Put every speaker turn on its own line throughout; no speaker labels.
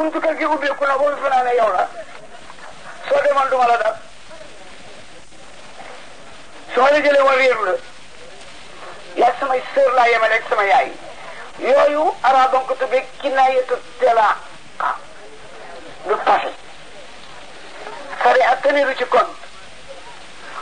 buntu kër gi ubbeeku na boobu fanaa ne yow la soo demal duma la dal su ma la jëlee woon réeru la yaa samay sœur laa yemale ak sama yaay yooyu arab ko tuddee kinaayatu talaq du passé sariya teniru ci compte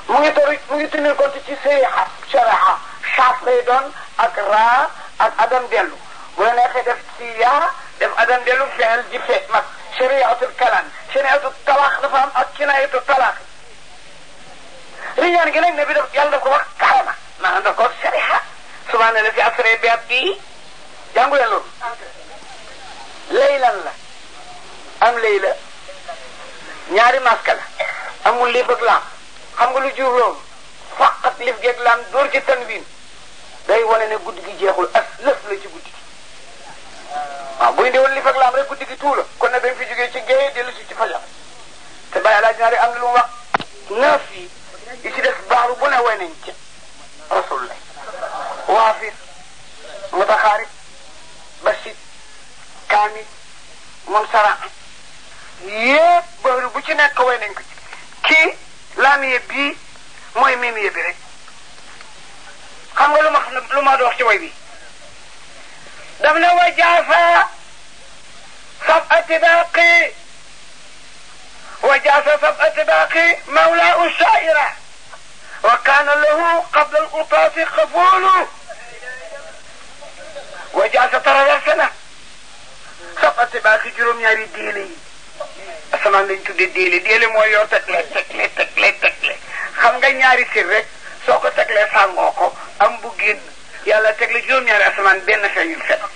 mu ngi toru mu ngi tenir compte ci sariya sharaa shaaf lay doon ak raa ak adam dellu bu la neexee def ci yaa def adam dellu fexel di fe mag chariatul kalaan chariatul talaax dafa am ak kinaayatul talaax riñaan gi nag ne bi daf yàlla daf ko wax karama maanaam daf ko wax chariha la fi bi abdihi jàngu leen loolu laylan la am layla ñaari masque la amul lif ak laam xam nga lu jur loolu faqat lif geeg laam dóor ci tanwin day wane ne guddi gi jeexul tuula kon nag dañ fi jógee ci géej dellu si ci fajar te bàyyi laaj naa am na lu mu wax neuf yi ci def baaru bu ne way nañ ci rasulullah waafir basit kaamil moom sara yépp baaru bu ci nekk way nañ ko ci kii laamiye bii mooy miimiye bi rek xam nga lu ma lu ma dox ci way bi بعث فبأت باقي مولاء الشائرة وكان له قبل القطاس خفول وجاز ترى سنة فبأت باقي جرم ياري ديلي أسمع لن تدي ديلي ديلي مو يو تكلي تكلي تكلي تكلي خمغا نياري سيرك سوكو تكلي سانغوكو أمبو جين يالا تكلي جرم ياري أسمع بين فيو فتح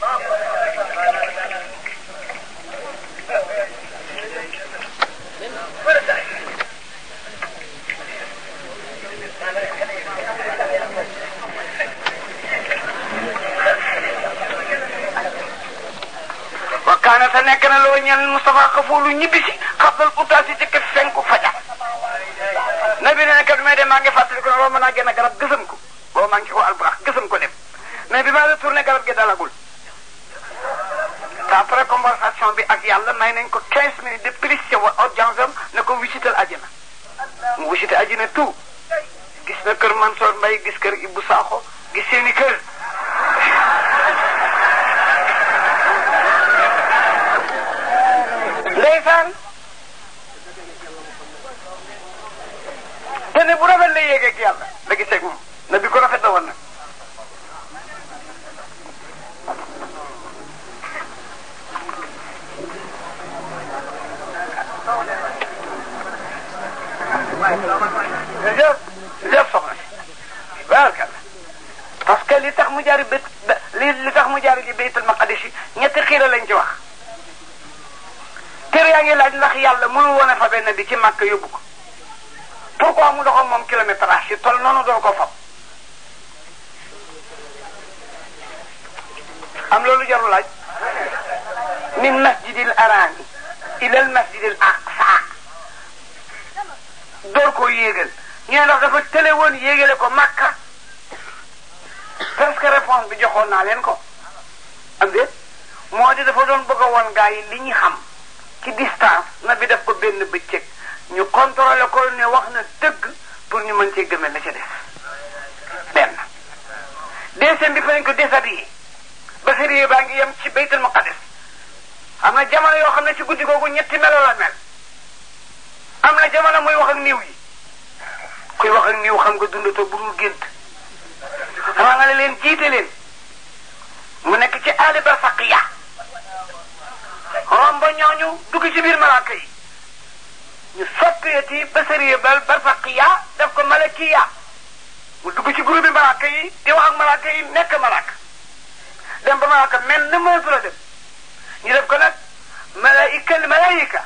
yaqulu ñibbisi xabdal utaasi ci fenku fajar nabi nee na kat may dem maa ngi fàttaliku ne romb naa génn garab gësam ko boobu maa ngi ko alburax gësam ko dem mais bi ma retourné garab gi dalagul te après bi ak yàlla may nañ ko 15 minutes de prise wa audience am na ko wisital àjjana mu wisite àjjana tout gis na kër Mansoor Mbaye gis kër Ibou Sakho ne bu rafet la yéegee ci yàlla la gisee ak moom na bi ko rafet la woon nag jërëjëf jërëjëf soxna si baarakalla parce que li tax mu jaar bét li li tax mu jaar ci baytul maqdis yi ñetti xiira lañ ci wax kër yaa ngi laaj ndax yàlla mënu woon a fa benn bi ci màkk yóbbu ko pourquoi mu doxal moom kilométrage si tol noonu doon ko fab am loolu jaru laaj min masjidil araami ilal masjidil aqsa door ko yéegal ñu ne dafa tële woon yéegale ko makka parce que réponse bi joxoon naa leen ko am déet moo di dafa doon bëgg a woon gaa yi li ñu xam ci distance na bi def ko benn bëccëg ñu contrôlé ko ne wax na dëgg pour ñu mën cee gëmee la ci des benn deuxième bi fa lañ ko déshabillé basarié baa ngi yem ci baytul muqaddas am na jamono yoo xam ne ci guddi googu ñetti melo la mel am na jamono mooy wax ak niiw yi koy wax ak niiw xam nga dundatoo bu dul gént xanaa leen jiite leen mu nekk ci aali barsaqiya romb ñooñu dugg ci biir malaaka yi ñu soppiyati basariya bal barfaqiya def ko malakiya mu dugg ci groupe bi malaaka yi di wax ak yi nekk malaaka dem ba malaaka mel na mënatu la dem ñu def ko nag malaikal malaika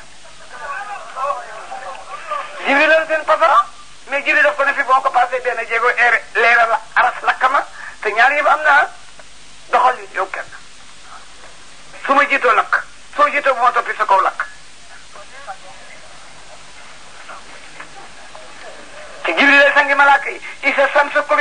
jibril la seen pasara mais jibril daf ko ne fi boo ko passé benn jéego eer leeral la aras lakkama te ñaar yëpp am naa doxal yow kenn su ma jiitoo lakk soo jiitoo bu ma toppi sa kaw lakk sangi ملاكي إيسا سمس samsu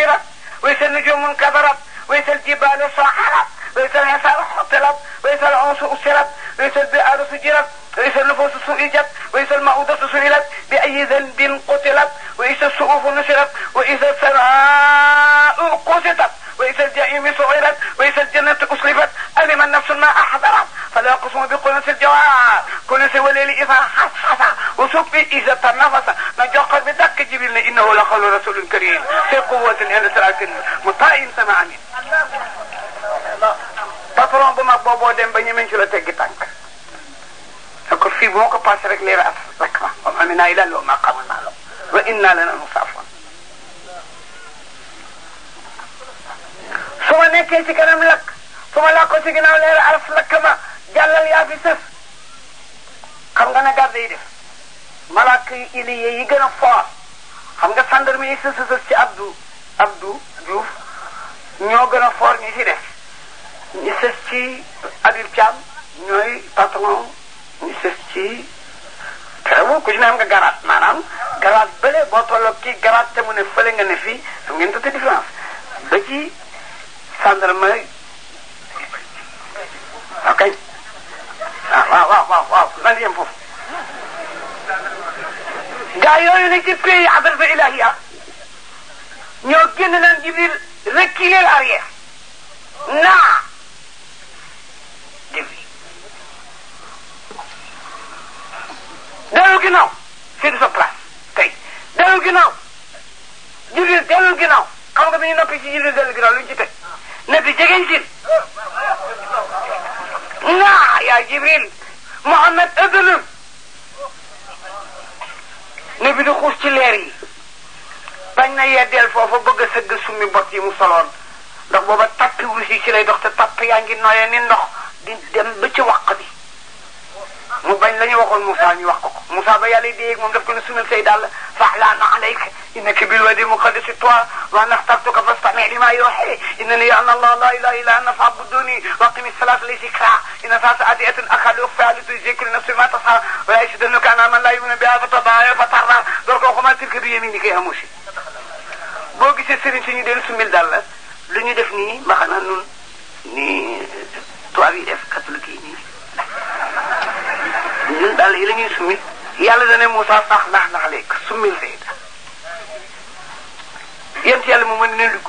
وإيسا نجوم النجوم وإيسا الجبال سحرت وإيسا العصار حطلت وإيسا العنص أسرت وإيسا البئر سجرت وإيسا النفوس سئجت وإيسا المعودة سئلت بأي ذنب قتلت وإيسا السؤوف نشرت وإيسا السراء قسطت وإيسا الجحيم سعرت وإيسا الجنة أسلفت ألم النفس ما أحضرت فلا أقسم بقنص الجوار كنس وليل إذا حسحس وسب إذا تنفس من bi dàkk jibril ne innahu la xawlu rasulun karim fi quwwatin inda siraatin muta'in sama amin patron bu mag booboo dem ba ñemeñ ci la teggi tànk d'accord fii bu ma ko passé rek leer as rek ma wa maa minnaa illaa liman qaamaa ma'ahu wa innaa lanahnu saafi'uun su ma nekkee ci kanam lakk su ma làkkoo ci leer as lakk ma jàllal yaa fi sës xam nga na garde malaaka yu iliye yi gën a foor xam nga gendarme yi sës sës ci Abdou Abdou Diouf ñoo gën a foor ñi ci def ñi sës ci Habib Thiam ñooy patron ñi sës ci teewul ku ci am nga garaat maanaam garaat bële boo tolloog kii garaat te mu ne fële nga ne fii xam ngeen tuuti différence ba ci gendarme ok ah waaw waaw waaw waaw lan yem foofu. gaa yooyu ne ci pays abar ba ilahiya ñoo génn naan jibril reculer arrière naa def dellu ginnaaw fekk sa place tey dellu ginnaaw jibril dellu ginnaaw xam nga bi ñu noppi ci dellu ginnaaw lu ñu ci bi jegeñ sin naa yaa jibril mohammed ëddalul ne bi di xuus ci leer yi bañ na yeddeel foofa bëgg a sëgg summi bot yi mu soloon dox booba tappi wus yi ci lay dox te tapp yaa ngi noyee ni ndox di dem ba ci waq bi mu bañ la ñu waxoon Moussa ñu wax ko ko Moussa ba yàlla déyeeg moom daf ko ne sumil say dàll faxlaan alayka إنك بالوادي المقدس طوى وأنا اخترتك فاستمع لما يوحي إنني أنا الله لا إله إلا أنا فاعبدوني وأقم الصلاة لذكرى إن فاس أدية أخلي أخفى لتذكر لنفس ما تصحى ولا يشهدنك أنا من لا يؤمن بها فتضايع فترى دورك وما تلك بيمينك يا موشي بوكي سيسرين sëriñ دين ñu deen sumil dal la lu ñu def nii ma xanaa nun nii tubaab yi def catholique yi nii ñun dal yi la ñuy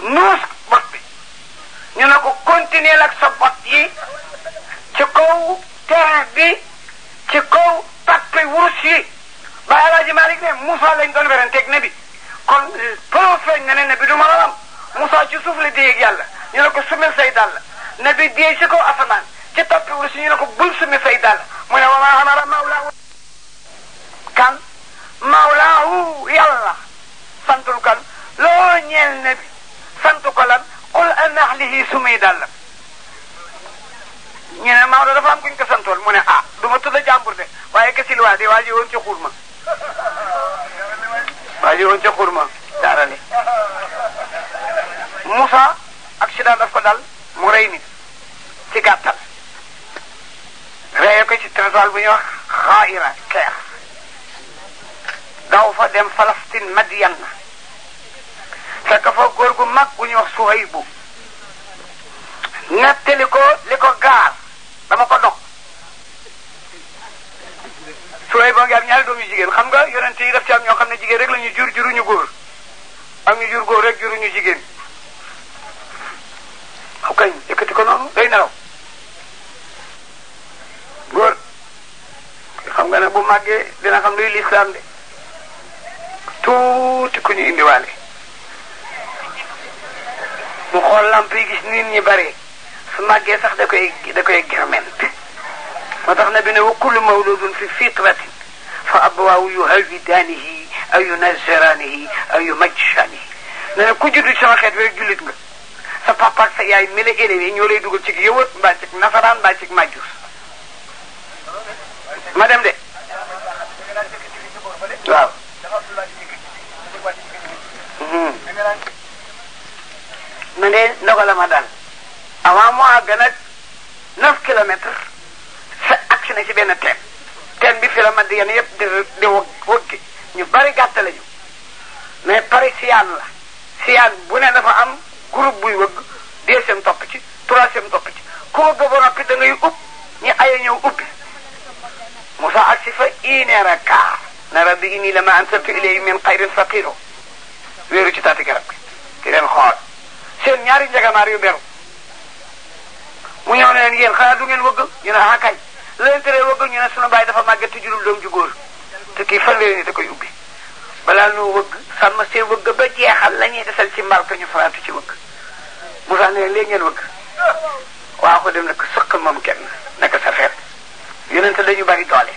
nuus bot bi ñu ne ko continuer ak sa ci kaw terrain bi ci kaw pappe wurus yi ba Alaaji Malik ne Moussa lañ doon weranteeg ne kon profet na ne ne bi du moroomam Moussa ci suuf la déyeeg yàlla ñu ne ko sumil say dàll ne ci kaw asamaan ci pappe wurus ñu ne ko bul sumil say dàll mu ne wama amara mawlaahu kan mawlaahu yàlla santul kan loo ñeel ne sant ko lan qul an ahlihi sumay dàllam ñu ne Maodo dafa am kuñ ko santoon mu ne ah du ma tudd jàmbur de waaye kësil waa de waa ji woon ci xurma waa ji woon ci xurma daara ne Moussa accident daf ko dal mu rey nit ci gàttal reye ko ci territoire bu ñuy wax xaayira keex daw fa dem Falastin Madiyan fekk fa góor gu mag gu ñuy wax Suhaybu nettali ko li ko gaar dama ko dox Suhaybu ngi am ñaari doom yu jigéen xam nga yonent yi daf ci am ñoo xam ne jigéen rek la ñu jur juruñu góor am ñu jur góor rek juruñu jigéen aw kañ yëkkati ko noonu day nelaw góor xam nga ne bu màggee dina xam luy lislaam de tuuti ku ñu indiwaale mu xool lamp yi gis nit ñi bare su màggee sax da koy da koy germent moo tax na bi ne wa kullu mawludun fi fitratin fa abawaahu yuhawidaanihi aw yunaziraanihi aw yumajjisaanihi nee na ku juddu ci sama xeet rek jullit nga sa papa ak sa yaay mi la élevé ñoo lay dugal ci yëwat mbaa ci nasaraan mbaa ci majjus ma dem de mu ne ndogal ma dal avant mu àgg nag neuf kilomètres sa agsi na ci benn teen teen bi fi la màdd yenn yëpp di di wëgg ñu bari gàtt lañu mais pare siyaan la siyaan bu ne dafa am groupe buy wëgg deuxième topp ci troisième topp ci ku wëgg ba noppi da ngay ub ñi aye ñëw ubbi Moussa agsi fa une heure et quart ne rabbi inni lama ansabtu ilayhi min xayrin faqiru wéeru ci taati garab gi di leen xool seen ñaari njagamaar yu beru mu ñëw ne leen yéen xanaa du ngeen wëgg ñu ne ah kañ wëgg ñu ne sunu baay dafa màgget te jurul doom ju góor te kii fanweeri ni da koy ubbi balaa noo wëgg sàmm seen wëgg ba jeexal la ñuy desal ci ñu faraatu ci wëgg Moussa ne leen ngeen wëgg waa ko dem nag sëq moom kenn naka sa feet yonente dañu bari doole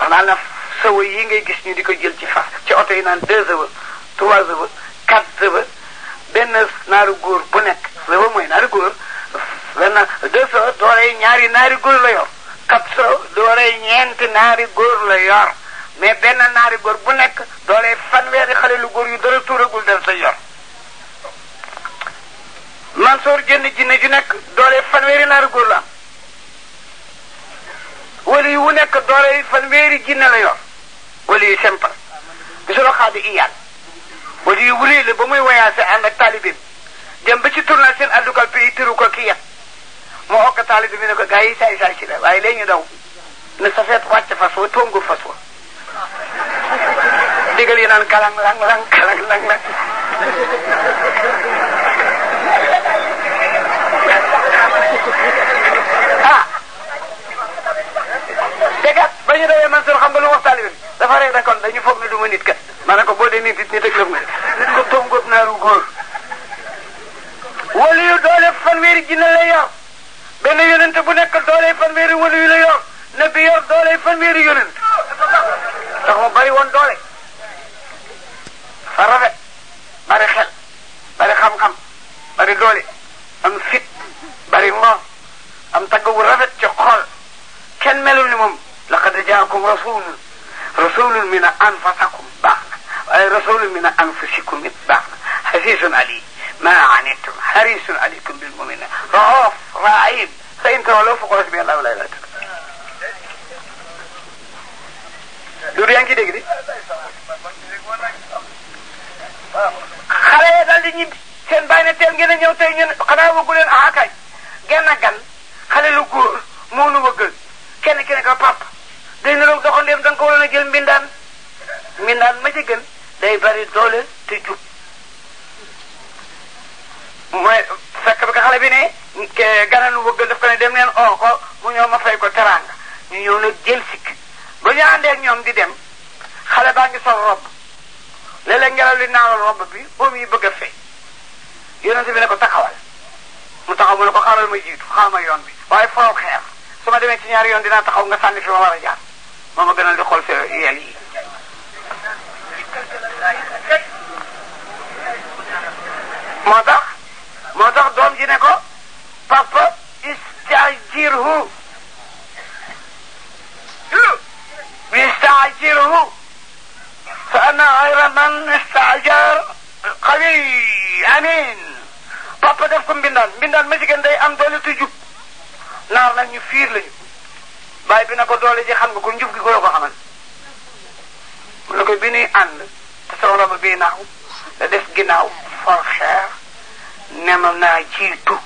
wax naa na sëwa yi ngay gis ñu di ko jël ci fas ci oto yi naan deux trois heures quatre heures benn naaru góor bu nekk loolu mooy naaru góor benn deux so ñaari naari góor la yor quatre so dooree ñeenti naari góor la yor mais benn naari góor bu nekk dooree fanweeri xale lu góor yu dara tuuragul def sa yor Mansoor jënd jinne ju nekk dooree fanweeri naari góor la am wala yu wu nekk dooree fanweeri jinne la yor wala yu simple gisuloo xaadi iyaan ba ñuy wulee ba muy wayaase ànd ak taalibeem dem ba ci tournal seen àddugal bi tiru ko kii ya mu okk taalibe bi ne ko gaa yi saay saay si la waaye léegi ñu daw ne safeet wàcc fas wa tóngu fas wa digal yi naan kalang lang lang kalang lang lang ah dégg ba ñu dawee man sunu xam nga lu wax taalibe bi dafa rek kon dañu foog ne du ma nit kat ma ne ko boo dee nit nit ak lëf nga nit ko toom góob naaru góor wala yu doole fanweeri jinne la yor benn yonent bu nekk doole fanweeri wala yu la yor na bi yor doole fanweeri yonent ndax mu bari woon doole fa rafet bari xel bari xam-xam bari doole am fit bari ngor am tagg bu rafet ci xol kenn melul ni moom laqad jaakum rasulun رسول من أنفسكم بعد أي رسول من أنفسكم بعد حريص علي ما عنيتم حريص عليكم بالمؤمنين رعوف رعيم فإن تولوا فقرات بي الله ولا إله دوري أنكي دي خلايا دال دي نيب سين باينة تيل جينا نيو تيل جينا خلايا وقولين آكاي جينا جان خلايا لقور مونو وقل كينا كينا كا باب ko a jël mbindaan mbindaan ma ci gën day bari doole te jub mooy fekk bi ko xale bi ne gananu bëgg daf ko ne dem leen oo ko mu ñëw ma fay ko teraanga ñu ñëw nag jël sikk ba ñu àndee ñoom di dem xale baa ngi sol robb léeg-léeg ngelaw li naawal robb bi boobu yi bëgg a fay yonente bi ne ko taxawal mu taxaw mu ne ko xaaral ma jiitu xaaral ma yoon bi waaye foofu xeer su ma demee ci ñaari yoon dinaa taxaw nga sànni fi ma war a jaar moo ma gënal di xool sa yel yi moo tax moo doom ji ne ko papa istajirhu istajirhu fa ana xayra man istajar xawi amin papa def ko mbindaan mbindaan ma jigéen day am doole tu jub naar nag ñu fiir lañu bay bi nako ko doole ji xam nga ko njub gi ko ko xamal mu ne ko bi ni ànd ta sama ba bi naaw da def ginaaw for xeer nemal na jitu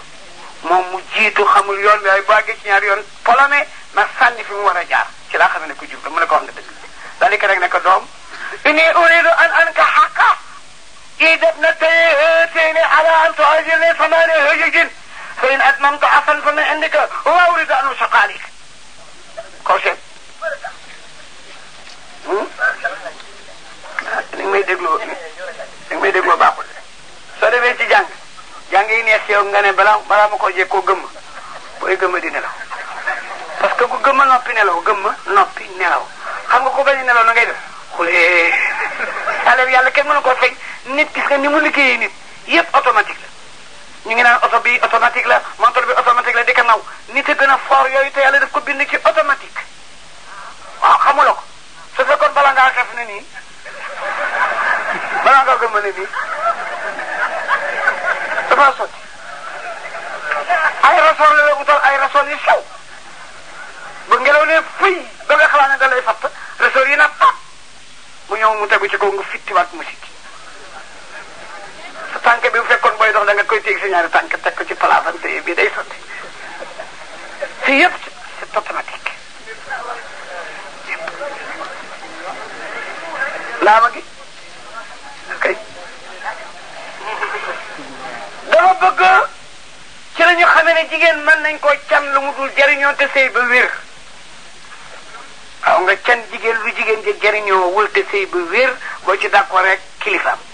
mom mu jitu xamul yoon bay ay bàggee ci ñaar yoon polone na sànni fi mu wara jaar ci la xamene ko jub mu ne ko wax nga deug dalika rek ne ko doom ini uridu an an ka xaqa إذا ابنتين على أن تعجلني فما لي هجج فإن أتممت عفوا فمن عندك وأريد أن أشق عليك korset hmm? ah, ni may dégloo ni may dégloo baaxul soo demee ci jàng jàng yi neex ci yow nga ne balaa balaa ma ko jekkoo gëmm booy gëmm di nelaw parce que ku gëmm noppi nelaw gëmm noppi nelaw xam nga ko bañ nelaw na ngay def xulee alal yàlla kenn mënu ko feeñ nit gis nga ni mu liggéeyee nit yëpp automatique ñu ngi naan oto bi automatique la moteur bi automatique la di ko naw nit a gën a fort yooyu te yàlla daf ko bind ci automatique waaw xamuloo ko su fekkoon balaa ngaa xef nii balaa ngaa gëm ne nii dafa sotti yu sew ngelaw ne fuy ba nga xalaat ne da fatt rasool yi na pat mu ñëw mu tegu ci kaw nga fittiwaat mu sikki tànk bi fekkoon booy dox danga koy téeg sa ñaari tànk teg ko ci palaasam te bii day sotti fii yëpp c'est automatique laama gi kay bëgg ci la ñu xamee ne jigéen mën nañ koo can lu mu jariñoo jëriñoo te sëy ba wér waaw nga can jigéen lu jigéen ja jëriñoo wul te sëy ba wér boo ci d'accord rek kilifaam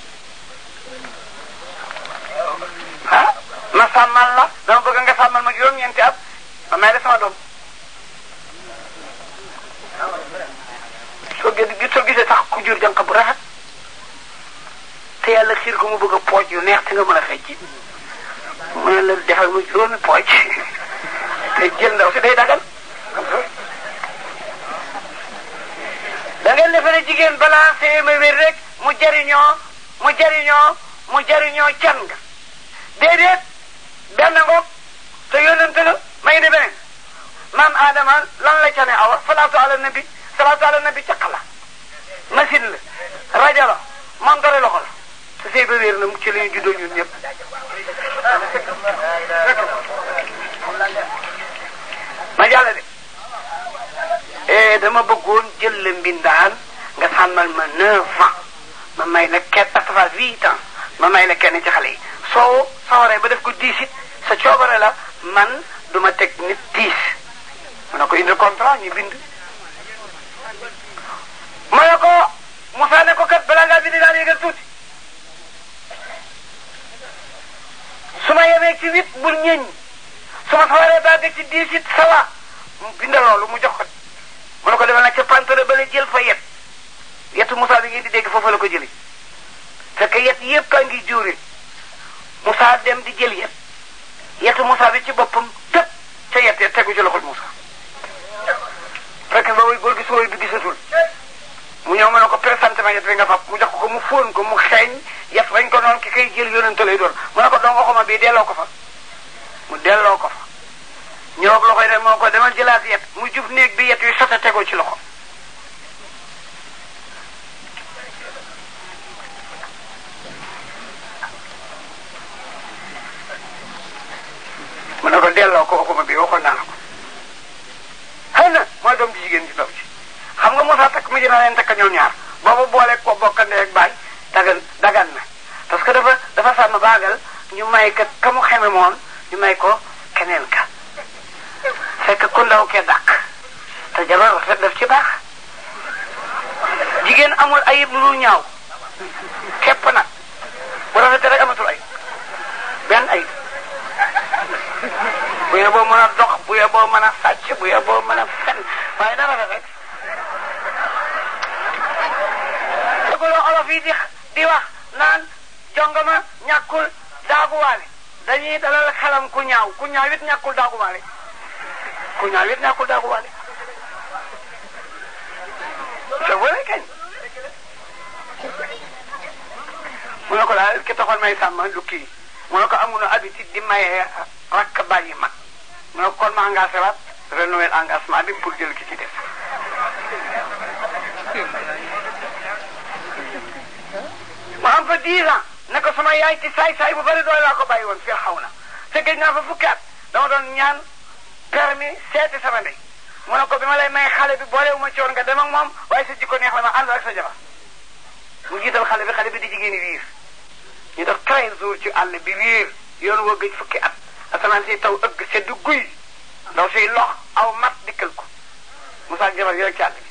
ma sàmmal la dama bëgg nga sàmmal ma juróom-ñeenti at ma may la sama doom soo gis soo gisee sax ku jur jànq bu rafet te yàlla xiir ko mu bëgg a pooj yu neex te nga mën a fecc mu ne la defal ma juróomi pooj te jël ndaw si day dagal da ngeen defe ne jigéen balaa ma wér rek mu jariñoo mu jariñoo can nga déedéet benn ngoog te yónnante la ma ngi di beneen maam Adama lan la ca ne awa salaatu ala nabi salaatu ala nabi caq la machine la rajo la montare te sëy ba wéer na ci la ñu juddoo ñun ñëpp ma jàll de eh dama bëggoon jël la mbindaan nga sàmmal ma neuf ma may la ket quatre vingt ma may la kenn ci xale yi soo ba def ko diis sa coobare la man duma teg nit diis mu ne ko indil contrat ñu bind ma ne ko Moussa ne ko kat balaa ngaa bind daal yëgal tuuti su yemee ci wit bul ñeñ suma ma sawaree baage ci dix it sawa bindal loolu mu jox ko mu ne ko demal na ca pantere ba jël fa yet yetu Moussa bi ngeen di dégg foofu la ko jëlee fekk yet yépp a ngi juuree Moussa dem di jël yet yetu Moussa bi ci boppam tëb ca yet ya tegu ci loxol Moussa fekk boobu góor gi su bi gisatul mu ñëw ma ne ko présenté ma yet bi nga fab mu jox ko mu fóon ko mu xeeñ yet bañ ko noon ki koy jël yonente lay doon ma ne ko dong xoma bii delloo ko fa mu delloo ko fa ñëw ak loxo yi ko demal jëlaat yet mu jub néeg bi yet yu a tegoo ci loxo delloo ko xukuma bi ma naa la ko xëy na doom jigéen ci doom ci xam nga Moussa takk mi dina leen takk ñoom ñaar boobu boole ko bokkandee ak baay dagan dagan na parce que dafa dafa sàmm baagal ñu may ka ka mu xeme moon ñu may ko keneen ka fekk ku ndaw ke dàq te jabar rafet daf ci baax jigéen amul ayib lu ñaaw képp nag bu rafetee rek amatul ayib benn ayib bu yeboo mën a dox bu yeboo mën a sàcc bu yeboo mën a fen waaye dara la rek te ko olof yi di di wax naan jongama ñàkkul daaguwaale dañuy dalal xelam ku ñaaw ku ñaaw it ñàkkul daaguwaale ku ñaaw it ñàkkul daaguwaale te wala kañ mu ne ko daal ki taxoon may sàmm du mu ne ko amuñu habitude di ah, ah, maye rakk bàyyi mag non kon ma engagé waat renouer engagement bi pour jël ki ci def mu am fa 10 ans ne ko sama ay ci saay-saay bu bëri doole laa ko bàyyi woon fii xaw na te gëj naa fa fukki at dama doon ñaan permis seeti sama ndey mu ne ko bi ma lay may xale bi boolewu ma ci woon nga dem ak moom waaye sa jikko neex na ma ànd ak sa jabar mu jiital xale bi xale bi di jigéeni riir ñu def 13 jours ci àll bi riir yoon woo gëj fukki at asamaan si taw ëgg sedd guy ndaw si lox aw mat dikkal ko Moussa jabar yooyu ci àll bi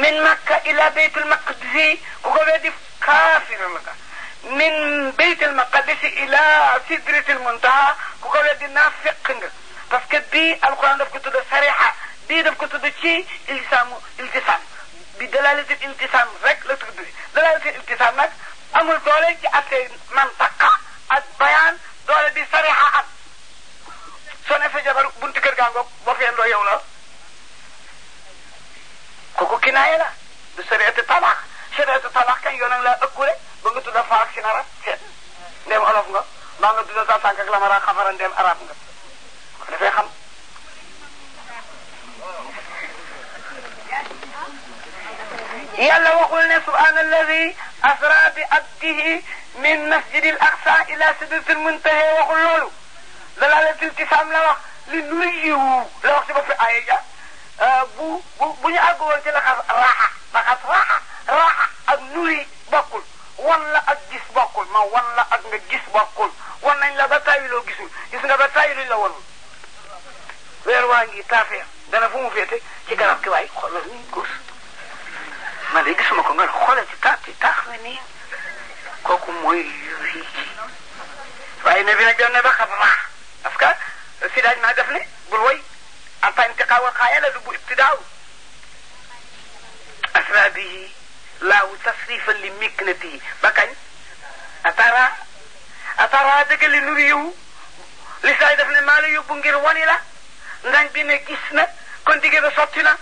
من مكة إلى بيت المقدس وقبل كافر لك من بيت المقدس إلى سدرة المنتهى وقبل نافق parce que bii alquran daf ko tudd sariha bii daf ko tudd ci iltisaamu iltisaam bi dalalatul iltisaam rek la tudd dalalatul iltisaam nag amul doole ci atte mantaqa ak bayaan doole bi sariha am soo ne sa jabar buntu kër gaa ngoog boo feen doo yow la kooku kinaaye la du sariatu talaax sariatu talaax kañ yoonam laa ëkkule ba nga tudd faak si nara seet ndeem olof nga maa nga tudd sa sànk ak la mara xafara ndeem arab nga dafay xam yàlla waxul ne subhaana alladi asra bi abdihi min masjidi al aqsa ila sidrati al muntaha waxul loolu dalalatul tisaam la wax li nuyiwu la wax si boppi aaya ja bu bu bu ñu àgg woon ci laxas raaxa laxas raaxa raaxa ak nuyi bokkul wan la ak gis bokkul ma wan la ak nga gis bokkul wan nañ la ba tàyyi loo gisul gis nga ba tàyyi luñ la wanul weer waa ngi taafee dana fu mu féete ci garab gi waaye xoolal ni gus man de gisuma ko nga xoolal ci taax ci taax mi nii kooku mooy lii waaye ne bi nag doon na ba xam baax parce que si daaj naa def ne bul woy anta intiqaa wa xaayala du bu ibtidaaw asra bihi laahu tasrifan li miknatihi ba kañ atara atara dëgg li nuru yow li saay def ne maa la yóbbu ngir wani la ndangɗine bir ne kisne sottina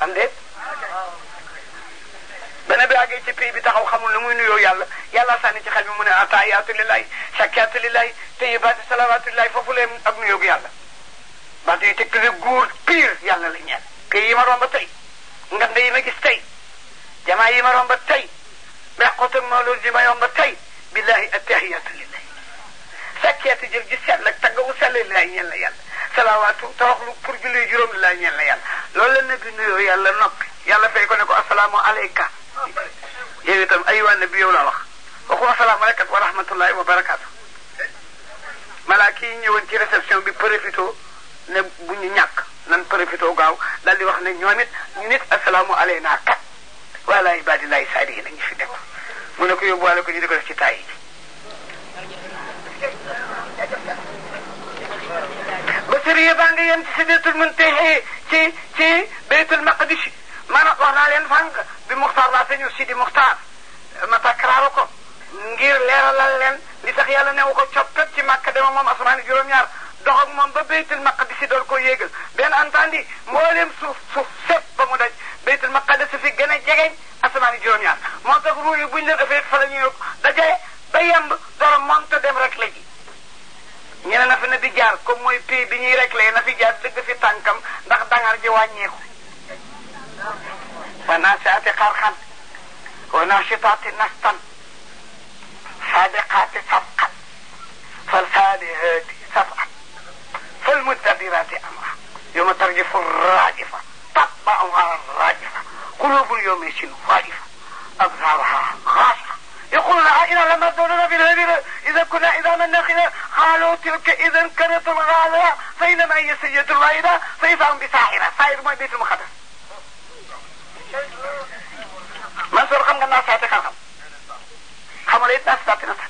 am déet bana bi Ben ci pays bi taxaw xamul lu muy nuyoo yàlla yàlla sànni ci xel mi mu ne ataayaatu lillahi sakkaatu lillahi tayibaatu salawaatu lillahi foofu leen ak nuyoo gi yàlla bant yi tekk ne góor pire yàlla la ñeel pays yi ma romba tey ngande yi ma gis tey jamaa yi ma romba tey beqotu billahi attahiyaatu lillahi sakkaatu jëf ji sell ak taggawu salawaatu te wax lu pour julli juróom li laa ñeel na yàlla loolu la nabi nuyoo yàlla noppi yàlla fay ko ne ko asalaamu aleyka yow itam aywa nabi yow laa wax waxu asalaamu aleykum wa rahmatullahi wa barakaatu malaaka yi ñëwoon ci réception bi profito ne bu ñu ñàkk nan profito gaaw daal di wax ne ñoom it ñu nit asalaamu aleyna kat wala ibadillahi saalihin ñu fi nekk mu ne ko yóbbuwaale ko ñu di ko def ci taay yi siriya baa nga yem ci sidratul muntaha ci ci baytul maqdis man wax naa leen fànq bi muxtaar laa sëñu sidi muxtaar ma takraaru ko ngir leeralal leen li tax yàlla newu ko coppat ci màkka dama moom asmaani juróom-ñaar dox ak moom ba baytul maqdis dool ko yéegal benn antandi mbooleem suuf suuf sëpp ba mu daj baytul maqdis fi gën a jegeñ asmaani juróom-ñaar moo tax ruuy buñ leen ëffee fa la ñuy daje ba yemb dara monte dem rek la ji ñu ne na fi na di jaar comme mooy pays bi ñuy réglé na fi jaar dëgg fi tànkam ndax dangar ji wàññeeku wa naasiaati xarxan wa naasitaati nastan saabiqaati sabqan falsaalihaati sabqan falmudabiraati amra yoma tarjifu raajifa tatbauha raajifa qulubul yawmi sin waajifa absaaruha xaasa يقول إنا لما دولنا في الهدير إذا كنا إذا من نخنا حالو تلك إذا كانت الغالية فإنما هي سيد الغالية صيفا بساحرة صاير ما بيت المخدس منصور خمك الناس هاتي خلقم خمريت ناس ساتي نتا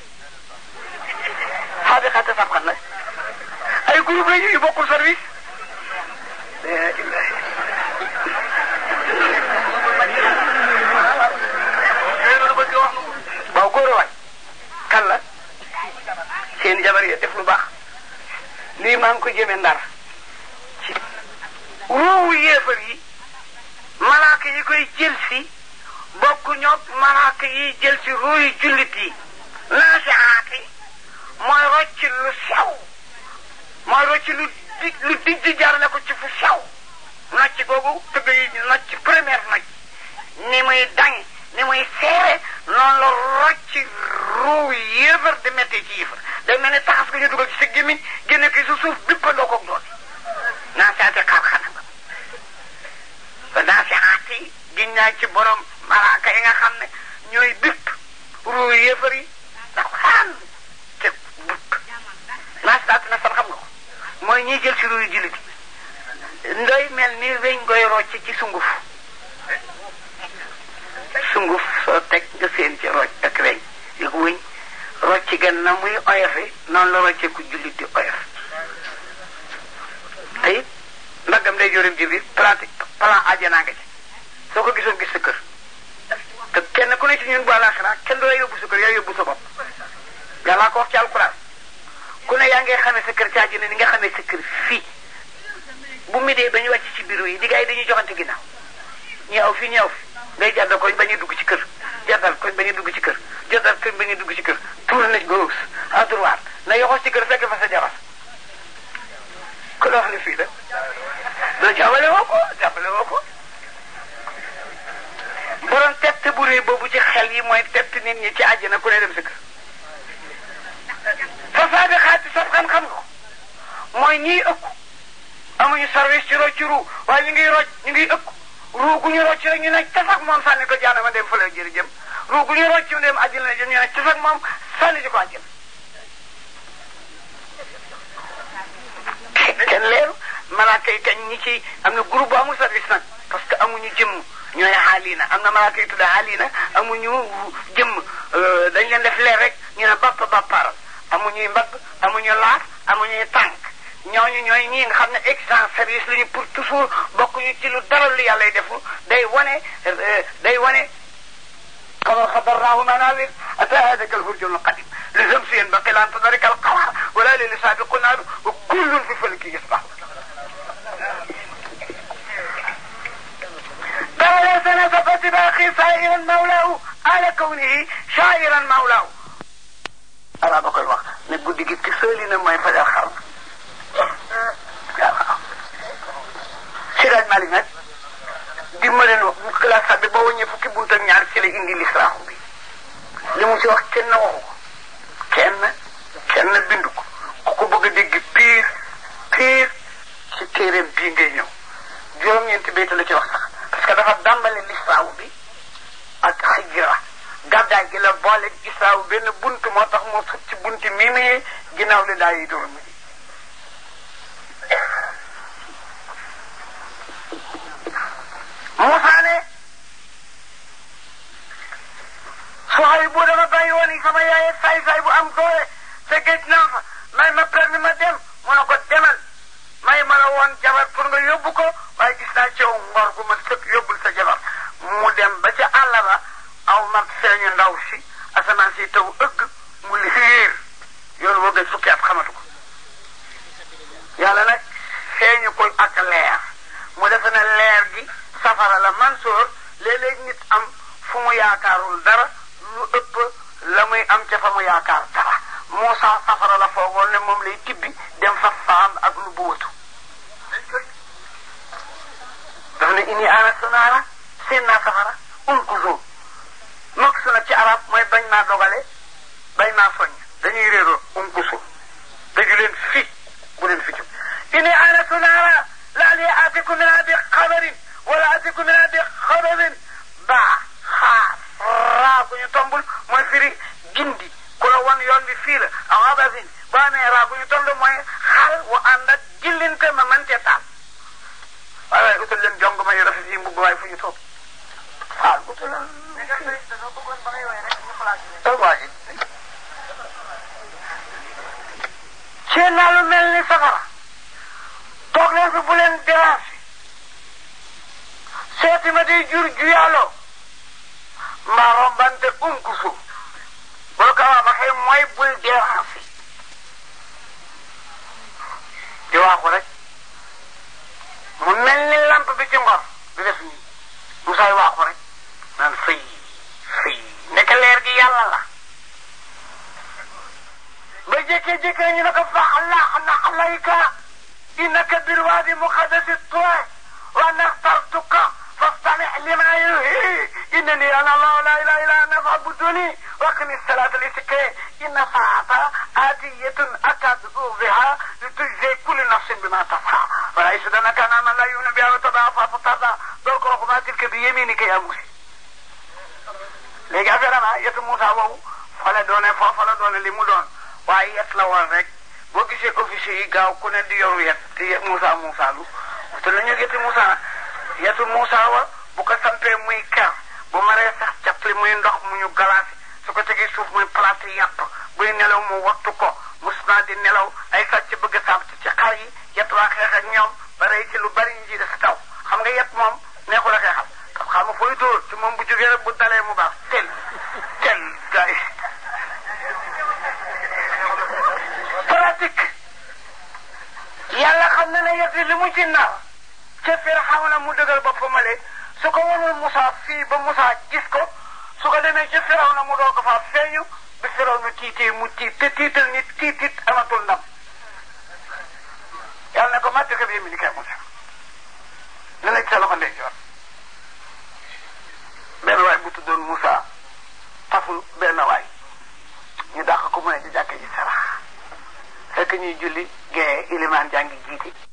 هذه خاتي سابقا الناس أي قلوب ليجي يبقوا سرويس seen jabar ya def lu baax lii maa ngi ko jëme ndar ci ruuwu yi malaaka yi koy jël si bokk ñoog malaaka yi jël si ruuyu jullit yi naasihaati mooy rocc lu sew mooy rocc lu dijj jar na ko ci fu sew nocc googu tëgg yi nocc première nocc ni muy dañ ni muy seere noonu la rocc ruu yéefar di métti ci yéefar day mel ne taxas ko ñu dugal ci sa gémmiñ génne ko sa suuf dippandoo koog doon naa seete xarxana ba ba naa seexaati giñ ci borom malaaka yi nga xam ne ñooy bipp ruu yéefar yi ndax xaan te bipp naa seetaati na san xam nga ko mooy ñiy jël ci ruuyu jullit ndoy mel ni weñ goy rocc ci sunguf sunguf soo teg nga seen ci rocc ak weñ yëg wëñ rocci gan na muy oyofi noonu la rocce ku jullit di oyof te it ndagam day jorim ji bi pratique plan àjjanaa nga ci soo ko gisoon gis sa kenn ku ne ci ñun bu kenn du la yóbbu sa yaa yóbbu sa bopp ko wax ci alquran ku ne yaa ngay xamee sa kër ci àjjana ni nga xamee sa kër fii bu mi dee ba ñu wàcc ci bureau yi di gars yi dañuy joxante ginnaaw ñi aw fii ñi aw fi ngay jàdd ko ba ñuy dugg ci kër joddal ko ba ñuy dugg ci kër joddal koñ ba ñuy dugg ci kër tourné na gauche à droite na yoxos ci kër fekk fa sa jabar ku la wax ne fii la doo jàppale woo ko jàppale woo ko borom tett boobu ci xel yi mooy tett nit ñi ci àjjana ku ne dem sa kër fasaa bi xaati saf xam-xam ko mooy ñiy ëkku amuñu service ci rocc ru waaye ñu ngi rocc ñu ngi ëkku ruu gu ñu rocc rek ñu ne tasax moom sànni ko jaana ma dem fële jëri jëm ruugu ñu rocc mu dem àjjana jëm ñu ne ci moom sànni si ko àjjana. kenn leeru malaaka yi kañ ñi ci am na groupe bu amul service na parce que amuñu jëmm ñooy xaalina am na malaaka da tudd xaalina amuñu jëmm euh, dañ leen def leer rek ñu ne bàpp bàppaaral amuñuy mbagg amuñu laar amuñuy tànk ñooñu ñooy ñii nga xam ne excellent service lu ñu pour toujours bokkuñu ci lu dara lu yàlla lay defu day wane euh, day wane كما خبرناه منازل أتى هذاك الهرجون القديم لزمس ينبقي لأن تدرك القرار ولا للسابقنا وكل في فلك يسمع قال سنة أخي سائرا مولاه على كونه شاعرا مولاه أنا بقول الوقت نبقى ديك كسولي نما يفعل الخلق سيرا المعلومات bi ma leen wax bu classe bi ba wàññee fukki bunt ak ñaar ci la indi lisraaxu bi li mu ci wax kenn waxu ko kenn kenn bindu ko ku ko bëgg a dégg pire pire ci téereem bii ngay ñëw juróom-ñeenti béykat la ci wax sax parce que dafa dàmbale lisraaxu bi ak xijra gàddaay gi la boole gisaaw benn bunt moo tax moo sut ci bunt mii mii ginnaaw li daay yi dóor Moussa ne Sohaybu dama bàyyi woon yi sama yaay saay saay bu am doole te géej naa fa may ma permis ma dem mu ne ko demal may ma la woon jabar pour nga yóbbu ko waaye gis naa cew ngor gu ma sëkk yóbbul sa jabar mu dem ba ca àll ba aw mag seeñu ndaw si asamaan si taw ëgg mu liir yoon woo gëj fukki at xamatu ko yàlla nag seeñu ko ak leer mu defe ne leer gi safara la mansoor léeg-léeg nit am fu mu yaakaarul dara lu ëpp la muy am ca fa mu yaakaar dara Moussa safara la foogoon ne moom lay tibbi dem fa faam ak lu buutu daf ne ini aanastu naara seen naa safara unkuzu noksu nag ci arab mooy bañ naa dogale bañ naa soññ dañuy réeroo unkuzu daju leen fi bu leen fi jub ini aana ku mi naa di xarolin baa xaa raa gu ñu tombul mooy firi gindi ku la wan yoon bi fii la xabasin boo amee raa gu ñu tombul mooy xal wa ànd ak gillinte ma man cee taal a waaye utal leen jong ma yu rafet fu ñu toog xaal naa lu mel ni safara toog leen fi leen day jur juyaalo mbaa rombante unkusu bul ko wax waxee mooy bul déranger di waaxu rek mu mel ni lamp bi ci ngor di def nii mu say waaxu rek naan fëy fëy nekk leer gi yàlla la ba jékkee-jékkee ñu ne ko fa allah naxlayka innaka bilwaadi muqaddasi tuwa wa naxtartuka لما ينهي إنني أنا الله لا إله إلا أنا فاعبدوني وقني الصلاة لسكي إن ساعة آتية أتدعو بها لتجزي كل نفس بما تسعى ولا يشهدنك أنا من لا يؤمن بها وتضعف فتضع دولك وخما تلك بيمينك يا موسى léegi affaire am ah yetu Moussa woowu fa la doone foofa la doone li mu doon waaye yet la woon rek boo gisee officier yi gaaw ku ne di yoru yet te yet Moussa Moussa lu te lu ñu yetu Moussa yetu Moussa wa bu ko sampee muy ker bu maree sax capli muy ndox mu ñu galaasi su ko tegee suuf muy palaati yàpp buy nelaw mu wattu ko mus naa di nelaw ay sàcc ci bëgg sàmp ci xar yi yet waa xeex ak ñoom ba rey ci lu bari ñu ji dafa taw xam nga yet moom neexul a xeexal tax xam nga fooy dóor ci moom bu jógee rek bu dalee mu baax tel tel gars yi pratique yàlla xam na ne yet li mu ci nar ca fir xaw na mu dëgal boppamale su ko wanul Moussa fii ba Moussa gis ko su ko demee ci firaw na mu doo ko faa feeñu bi firaw na tiitee mu tiit te tiital nit tiitit amatul ndam yàlla ne ko màtti ko bi mi ni kay Moussa ne la ci sa loxo ndeyjoor benn bu tuddoon Moussa taful benn waay ñu dàq ko mu ne ci jàkk ji sarax fekk ñuy julli gaye ilimaan jàngi jiiti